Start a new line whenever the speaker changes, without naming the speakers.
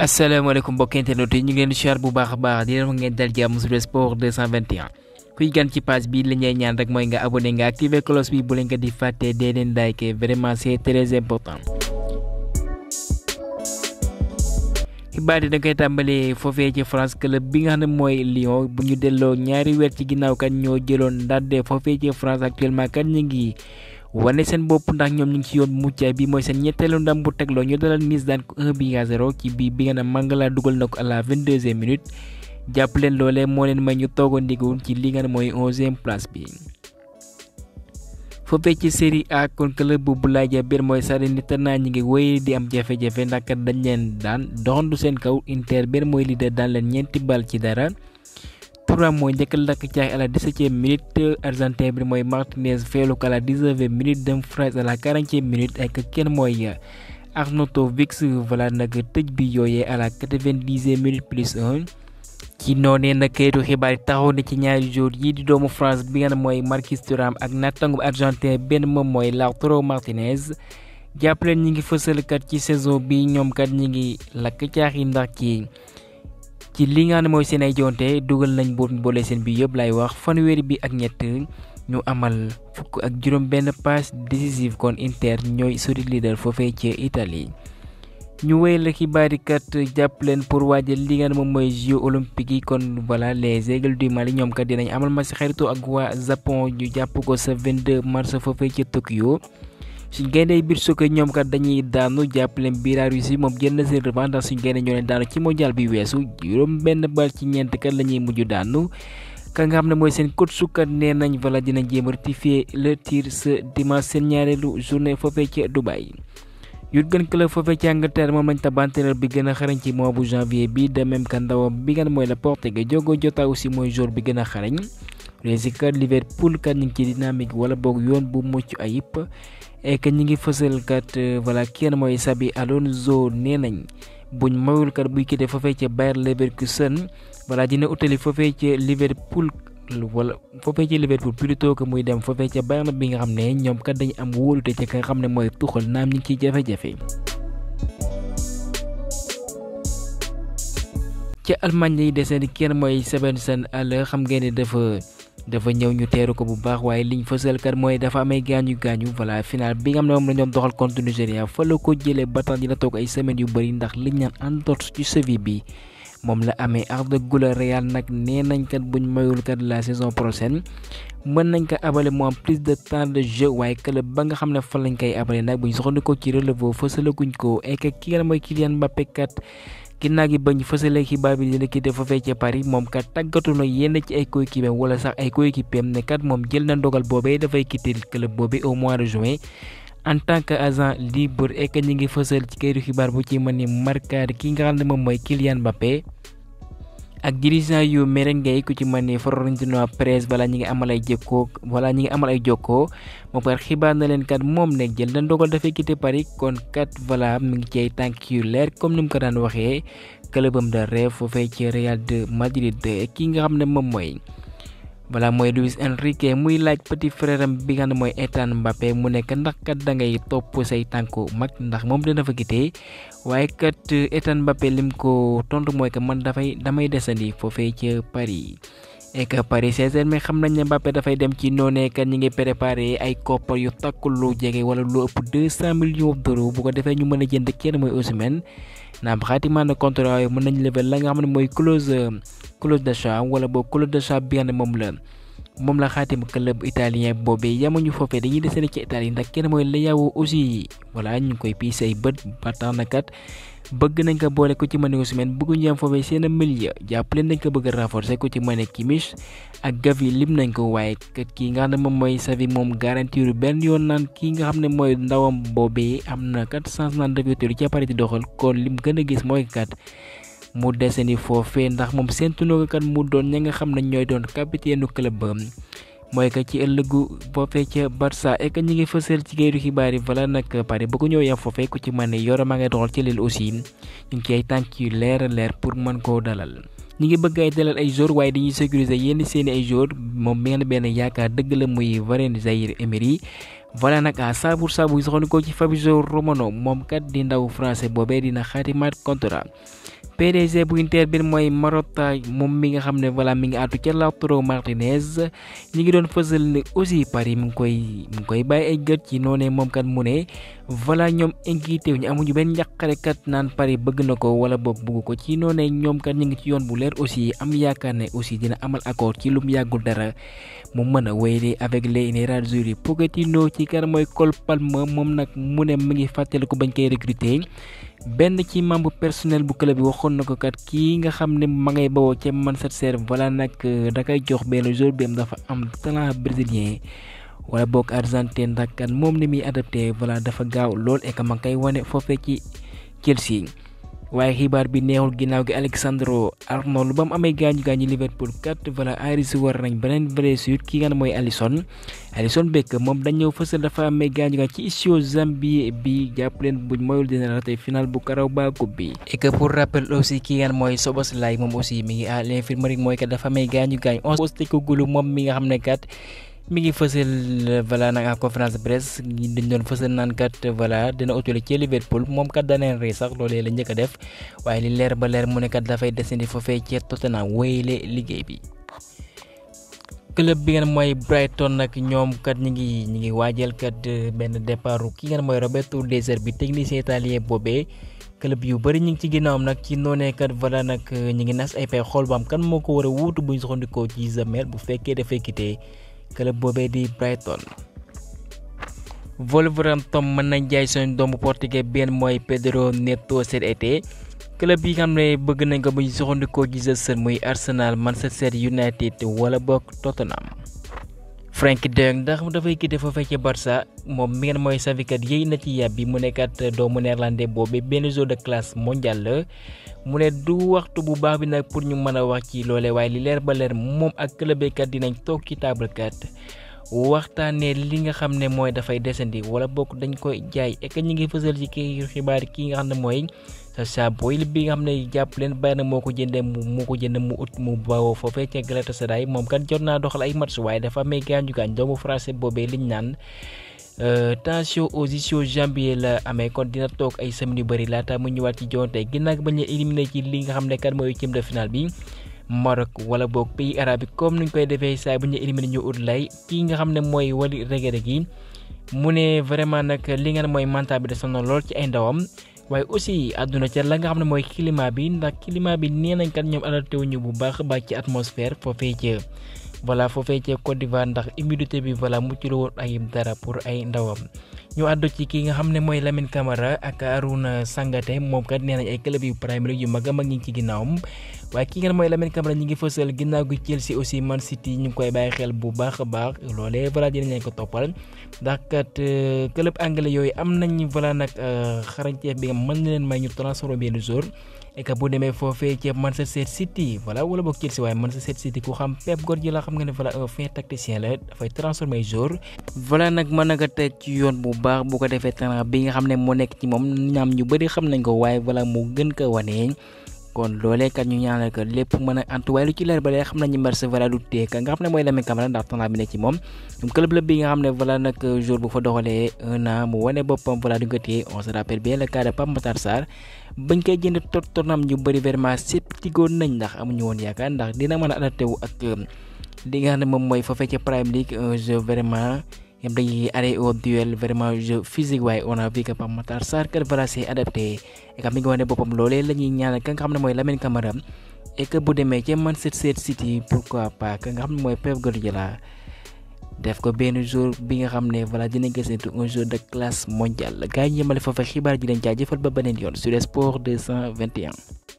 Assalamualaikum mbokk internet yi ñu ngi leen di bu baax baax di leen ngeen dal jàmm sur sport 221 kuy gan ci page bi li ñuy ñaan rek mooy nga abonné nga activer cloche bi bu leen ko di fàtte dee leen like vraiment c'est très important. xibaar yi da koy tàmbalee foofee ci France club bi nga xam ne mooy Lyon bu ñu delloo ñaari weer ci ginnaaw kat ñoo jëloon foofee ci France actuellement kat ñu ngi. wane seen bopp ndax ñoom ñu ngi ci yoon bu muccaay bi mooy seen ñetteelu ndam bu tegloo ñu dalal Nice daan ko 1 bi à 0 ci bii bi nga ne dugal na ko la 22e minute jàpp leen loolee moo leen may ñu toog ci li nga ne mooy 11 place bi. foofee ci série A kon club bu Boulaye Dia biir mooy naa ñu ngi wéy di am jafe-jafe ndax dañ leen daan doxandu seen kaw Inter biir mooy leader daan leen ñeenti bal ci dara. Thuram mooy njëkk lakk caax à la dix-septième minute argentin bi mooy Martinez feelu ko à la dix-neuvième minute Dumfries à la quarantième minute ak kenn mooy Arnautovic voilà nag tëj bi yooyee à la quatre-vingt-dixième minute plus un. ci noonee nag kayitu xibaar yi taxaw na ci ñaari jour yi di doomu France bi nga mooy Marquis Thuram ak naataangu argentin benn moom mooy Lautaro Martinez. jàppaleen ñi ngi fësal kat ci saison bi ñoom kat ñi ngi lakk caax yi ndax ci ci li nga ne mooy seen ay jonte dugal nañ boo boole seen bi yëpp lay wax fanweeri bi ak ñett ñu amal fukk ak juróom benn passe décisive kon Inter ñooy solid leader foofee ci Italie ñu wéy la xibaar yi jàpp leen pour waajal li nga moom mooy jeux olympiques yi kon bala les Aigles du Mali ñoom kat dinañ amal ma si xaritoo ak waa Japon ñu jàpp ko sa 22 mars foofee ci Tokyo suñ gaynde biir sukk ñoom kat dañuy daanu jàppaleen biira Russie moom jël na seen revanche ndax suñ gaynde ñoo leen daanu ci mondial bi weesu juróom benn bal ci ñeent kat lañuy mujj daanu ka nga xam ne mooy seen coach sukat nee nañ wala dina jéem a le tir ce dimanche seen ñaareelu journée foofee ci Dubai Jurgen Klopp foofee ci Angleterre moom lañ tab entraîneur bi gën a xarañ ci mois bu janvier bi de même bi portugais Jota aussi mooy jor bi gën a xarañ Léegi Liverpool kat ñu ci dynamique wala boog yoon bu mucc aip. et eh, que ñi ngi fësal kat eh, voilà kenn mooy sabi Alonso nee nañ buñ mayul kat buy quitté foofee ca Bayer Leverkusen voilà dina utali foofee ca Liverpool wala foofee ca Liverpool plutôt que muy dem foofee ca Bayern bi nga xam ne ñoom kat dañu am wóolute ci ka nga xam ne mooy Tuchel naam ñu ngi ciy jafe-jafe. ca kenn mooy Sebastian Haller xam ngeen ne dafa. dafa ñëw ñu teeru ko bu baax waaye liñ fësalkat mooy dafa amay gaañu gaañu voilà final bi nga xam ne moom la doxal contre Nigéria ko jëlee ba tax dina toog ay semaines yu bëri ndax liñ naan entorse ci cheville bi moom la amee Arda de nag nee kat buñ mayul kat la saison prochaine mën nañ ko abale mu plus de temps de jeu waaye club ba nga xam ne fan lañ koy abale nag buñ soxandikoo ci relevo fësalaguñ ko et que ki nga mooy kat. ginnaaw gi bañ fësale xibaar bi dina quitté foofee ca Paris moom kat tàggatu na yenn ci ay coéquipiers wala sax ay coéquipiers ne kat moom jël na ndogal boobee dafay quitté club boobee au mois de juin en tant que agent libre et que ñu ngi fësal ci këyitu xibaar bu ci mën ni markaar ki nga xam ne moom mooy Kylian Mbappé. ak dirigeant yu merengue ku ci mel ni Florentino Pérez balaa ñi ngi amal ay jëkkoo wala ñi ngi amal ay jokkoo moom kat xibaar na leen kat moom nag jël na ndogal dafay quitté Paris kon kat voilà mu ngi cay tànk yu leer comme ni mu ko daan waxee clubam de rêve foofee ci Real de Madrid ki nga xam ne moom mooy. balaa mooy Luis Enrique muy laaj petit frère am bi nga xam ne mooy Ethan Mbappé mu nekk ndax kat da ngay topp say tànku mag ndax moom dina fa gitee waaye kat Ethan Mbappé lim ko tontu mooy que man dafay damay desandi foofee ca Paris. et que Paris Saint-Germain xam nañ ne Mbappé dafay dem ci noonee kat ñi ngi préparé ay koppar yu takk lu jege wala lu ëpp 200 millions d'euros bu ko defee ñu mën a jënd kenn mooy Osimhen naam xaatimaan contrat mën nañ la nga xam ne mooy close. Claude Deschamps wala boo Claude Deschamps bi nga xam ne Bobe la moom la xaatim club italien boobee yamuñu foofee dañuy desene ci Italie ndax kenn mooy Leao aussi voilà ñu ngi koy piis ay bët na kat bëgg nañ ko boole ko ci mane yam foofee seen milieu jàppale nañ ko bëgg renforcer ko ci mane Kimmich ak Gavi lim nañ ko waaye kat kii nga xam ne moom mooy Xavi moom garantiru benn nga ndawam am na kat chance naan dafay tëdd ci parité doxal kon lim gis kat mu dese ni foofee ndax moom seen tunóokakat mu doon ña nga xam ne ñooy doon capitaine club ba mooy que ci ëllëgu foofee ca Barça et que ñi ngi fësal ci géeju xibaar yi voilà nag Paris bu ko ñëw yem foofee ku ci mën ne yoro maa ngi doxal ci Lille aussi ñu ngi ci ay tànk yu leer leer pour mën koo dalal. ñu ngi bëgg ay dalal ay joueurs waaye dañuy sécuriser yenn seeni ay joueurs moom benn benn yaakaar dëgg la muy Warren Zaïre-Emery voilà nag saabu Sabour Sabour soxna ko ci Fabrizio Romano moom kat di ndaw français boobee dina xaatimaat contrat. PDG bu Inter bi mooy Marotta moom mi nga xam ne voilà mi ngi àddu ca Lautaro Martinez ñi ngi doon fësal ne aussi Paris mu ngi koy mu ngi koy bàyyi ay gët ci noonee moom kat mu ne voilà ñoom inquiété ñu amuñu benn njàqare kat naan Paris bëgg na ko wala boog bëgg ko ci noonee ñoom kat ñu ngi ci yoon bu leer aussi am yaakaar ne aussi dina amal accord ci lu mu yàggul dara mu mën a wéy avec les yi Pochettino ci kar mooy Cole moom nag mu ne mi ngi fàttali ko bañ koy recruter. benn ci membre personnel bu club bi waxoon na ko kat kii nga xam ne ma ngay bawoo ca Manchester voilà nag euh, da kay jox benn jour bi dafa am talent brésilien wala boog argentin ndax kat moom ni muy adapté voilà dafa gaaw lool et que ma ngi koy wane foofee ci Chelsea. waaye xibaar bi neexul ginnaaw gi Alexandro Arnold ba mu amee gaañu gaañu Liverpool kat voilà Aris war nañ beneen blessure ki nga ne mooy Alisson Alisson Beck moom dañoo fësal dafa amee gaañu gaañu ci issue Zambie bi jàpp leen buñ moyul dina raté final bu Carabao Cup bi. et que pour rappel aussi ki nga mooy Szoboszlai moom aussi mi ngi à l'infirmerie mooy kat dafa amee gaañu gaañu 11 poste ko gulu moom mi nga xam ne kat. mi ngi fësal voilà nag en conférence de presse dañ doon fësal naan kat voilà dina utule ci Liverpool moom kat daneen rey sax loolee la njëkk a def waaye li leer ba leer mu ne kat dafay desandi foofee ci Tottenham wéyle liggéey bi. club bi ngeen mooy Brighton nag ñoom kat ñi ngi ñi ngi waajal kat benn départ ki ngeen mooy Roberto De Zerbi technicien italien boobee club yu bari ñu ngi ci am nag ci noonee kat voilà nag ñu ngi nas ay pay kan moo ko war wuutu bu ñu soxandikoo ci Zamer bu fekkee dafay club boobee di Brighton. Wolverhampton mën nañ jaay seen doomu portugais benn mooy Pedro Neto cet été club yi xam ne bëgg nañ ko bu ñu soxandikoo gisal seen muy Arsenal Manchester United wala bokk Tottenham. Frenkie de ndax mu dafay quitté foofee ci Barça moom mi ngeen mooy savikat ya, yéy na ci yàb bi mu nekkat eh, doomu néerlandais boobu benn jeu de classe mondiale eh. la mu ne du waxtu bu baax bi nag pour ñu mën a wax ci loolee waaye li leer ba leer moom ak clubkat dinañ toog ci table kat waxtaanee li nga xam ne mooy dafay desandi wala bokk dañ koy jaay ek ñi ngi fësal ci kii xibaar ki nga xam ne mooy sa boy bi nga xam ne jàpp leen Bayern moo ko jëndee mu moo ko jënd mu ut mu bawoo foofee ca Galatasaray moom kat jot naa doxal ay match waaye dafa amee gaañu gaañ doomu français boobee liñ naan euh, tension aux yu bëri laata mu ñëwaat ci jonte ginnaaw ba ñu éliminé ci li nga xam ne kat mooy huitième de finale bi. Maroc wala boog pays arabe comme mu ne vraiment nag li ngeen mooy manta bi de sonal lool ci ay ndawam waaye aussi àdduna ca la nga xam ne mooy climat bi ndax climat bi nee nañ kat ñoom alerté wuñu bu baax a baax ci atmosphère foofee ca foo fee ca Côte d'Ivoire ndax humidité bi voilà mucc la woon ay dara pour ay ndawam. ñu àddu ci ki nga xam ne mooy Lamine Camara ak Arouna Sangate moom kat nee nañ ay club yu primaire yu mag a mag ñi ci ginnaawam. waaye ki ngeen mooy Lamine Camara ñi ngi fësal ginnaaw gi Chelsea aussi Man City ñu ngi koy bàyyi xel bu baax a baax loolee voilà dinañ leen ko toppal ndax kat club eh, anglais yooyu am nañ voilà nag eh, xarañteef bi nga mën na leen may ñu transfert benn jour et que bu demee foofee Manchester City voilà wala boog Chelsea waaye Manchester City ku xam Pep Guardiola xam nga ne voilà un fin tacticien la dafay transformer jour voilà nag mën na ko teg ci yoon bu baax bu ko defee talent bi nga xam ne moo nekk ci moom ñaam ñu bëri xam nañ ko waaye voilà mu gën ko kon loolee kat ñu ñaanal ko lépp mën a antu waaye lu ci leer ba lee xam nañu Barça voilà du tee ka nga xam ne mooy Lamine Camara ndax temps bi nekk ci moom ñoom club la bi nga xam ne voilà nag jour bu fa doxalee un an mu wane boppam du ko on se rappelle bien le cas de Pape Matar bañ koy jënd tot tonam ñu bëri vraiment séptigoon nañ ndax ya kan. ndax dina mën adapté wu ak li nga xam ne moom mooy foofee ci Prime League un eh, jeu vraiment yamdagi aray o duel vraiment jeu physique way on a vu que Pape Matar Sarr que voilà c'est adapté et kami gone bopam lolé lañuy ñaan ka nga xamné moy Lamine Camara et que bu démé ci Manchester City pourquoi pas ka nga xamné Pep Guardiola def ko benn jour bi nga xamné voilà dina gis un jour de classe mondiale gaay ñemal fofu xibaar ji leen jaajëfal ba benen yoon sur sport 221